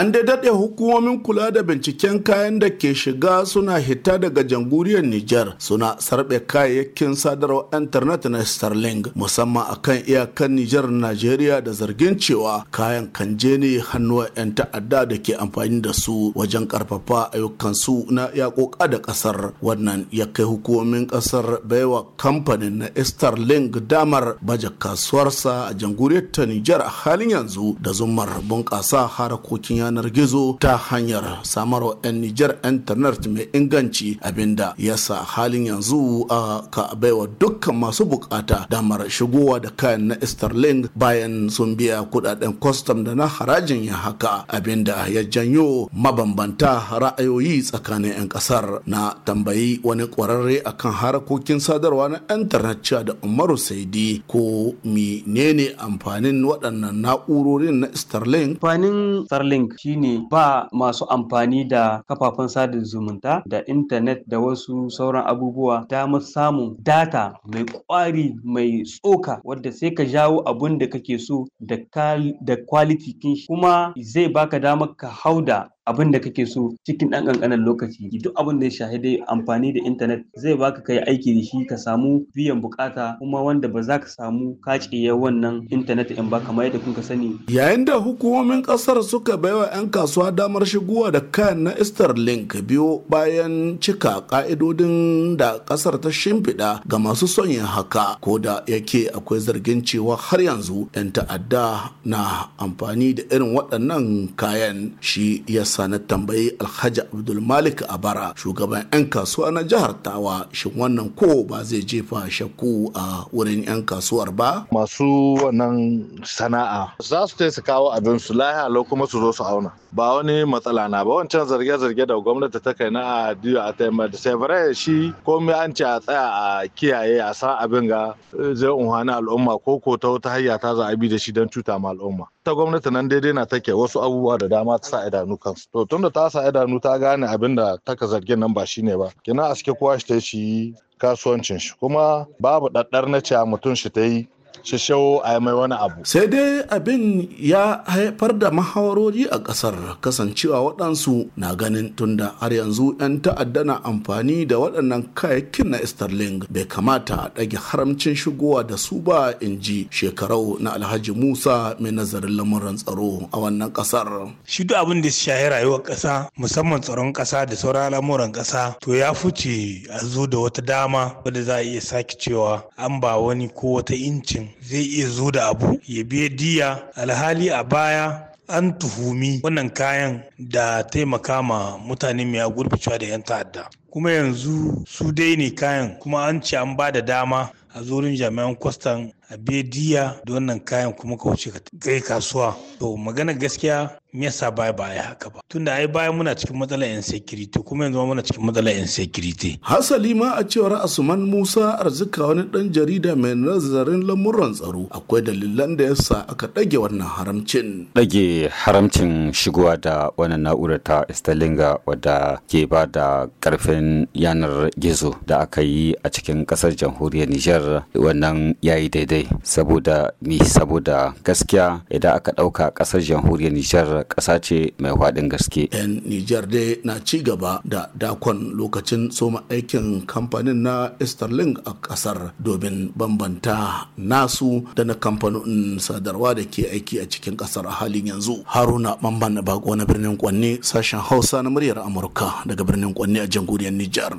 an dai daɗe hukumomin kula da binciken kayan da ke shiga suna hita daga jamhuriyar Niger suna sarɓe kayayyakin sadarwar intanet na Starlink musamman akan iyakan Nijar Najeriya da zargin cewa kayan kan je ne hannuwan 'yan ta'adda da ke amfani da su wajen karfafa ayyukansu na yakoka da ƙasar wannan ya kai hukumomin ƙasar baiwa kamfanin na Starlink damar baje kasuwarsa a jamhuriyar ta Nijar a halin yanzu da zumar bunƙasa harakokin yanar gizo ta hanyar samarwa 'yan Nijar Internet mai inganci abinda ya sa halin yanzu a ka baiwa dukkan masu bukata damar shigowa da kayan na Starlink bayan sun biya kudaden kwastam da na harajin ya haka abinda ya janyo mabambanta ra'ayoyi tsakanin 'yan kasar na tambayi wani kwararre akan harkokin sadarwa na Internet cewa da Umaru Saidi ko menene amfanin waɗannan na'urorin na Starlink? Amfanin Starlink shine ba masu amfani da kafafen sada zumunta da intanet da wasu sauran abubuwa damar samun data mai kwari mai tsoka wadda sai ka jawo abun da kake so da kwaliti shi kuma zai baka damar ka hau da. abin da kake so cikin ɗan ƙanƙanin lokaci duk abin da ya shahi dai amfani da intanet zai baka kai aiki da shi ka samu biyan bukata kuma wanda ba za ka samu kaciye wannan intanet in ba kamar yadda kuka sani yayin da hukumomin ƙasar suka baiwa 'yan kasuwa damar shigowa da kayan na starlink biyo bayan cika ka'idodin da ƙasar ta shimfiɗa ga masu son yin haka ko da yake akwai zargin cewa har yanzu 'yan ta'adda na amfani da irin waɗannan kayan shi ya amsa na tambayi alhaji abdul malik abara shugaban 'yan kasuwa na jihar tawa shin wannan ko ba zai jefa shakku a wurin 'yan kasuwar ba masu wannan sana'a za su su kawo abin su lahi lau kuma su zo su auna ba wani matsala na ba wancan zarge-zarge da gwamnati ta kai na a diyo a taimar da sai shi komai an ce a tsaya a kiyaye a san abin ga eh, zai unhani al'umma ko ko ta wata hanya ta za a bi da shi don cuta ma al'umma ta gwamnati nan daidai na take wasu abubuwa da dama ta sa idanu kansu to tunda ta sa idanu ta gane abin da taka zargin nan ba shi ne ba kina aske kowa shi ta shi kasuwancin shi kuma babu ɗaɗɗar na cewa mutum shi ta yi shishau a mai wani abu. Sai dai abin ya haifar da mahawarori a ƙasar kasancewa waɗansu na ganin tunda har yanzu 'yan ta'adda na amfani da waɗannan kayayyakin na Sterling bai kamata a ɗage haramcin shigowa da su ba in ji shekarau na Alhaji Musa mai nazarin lamuran tsaro a wannan ƙasar. Shi abin da shahi rayuwar ƙasa musamman tsaron ƙasa da sauran lamuran ƙasa to ya fice a zo da wata dama wadda za a iya sake cewa an ba wani ko wata incin zai iya zo da abu ya biya diya alhali a baya an tuhumi wannan kayan da taimaka ma mutane mai gurbacewa da 'yan ta'adda kuma yanzu su dai ne kayan kuma an ce an ba da dama a zurin jami'an kwastan a bediya da wannan kayan kuma ka wuce ka kai kasuwa to magana gaskiya me yasa baya baya haka ba tunda ai baya muna cikin matsalar security kuma yanzu muna cikin matsalar security hasali ma a cewar asuman musa arzika wani dan jarida mai nazarin lamuran tsaro akwai dalilan da yasa aka dage wannan haramcin dage haramcin shigowa da wannan na'urar ta stalinga wadda ke ba da karfin yanar gizo da aka yi a cikin kasar jamhuriyar niger wannan yayi daidai sosai saboda ni saboda gaskiya idan aka ɗauka ƙasar jamhuriyar Nijar ƙasa ce mai faɗin gaske. 'Yan Nijar dai na ci gaba da dakon lokacin soma aikin kamfanin na Sterling a ƙasar domin bambanta nasu da na kamfanin sadarwa da ke aiki a cikin ƙasar a halin yanzu. Haruna Mamman Bako na birnin Kwanne sashen Hausa na muryar Amurka daga birnin Kwanne a jamhuriyar Nijar.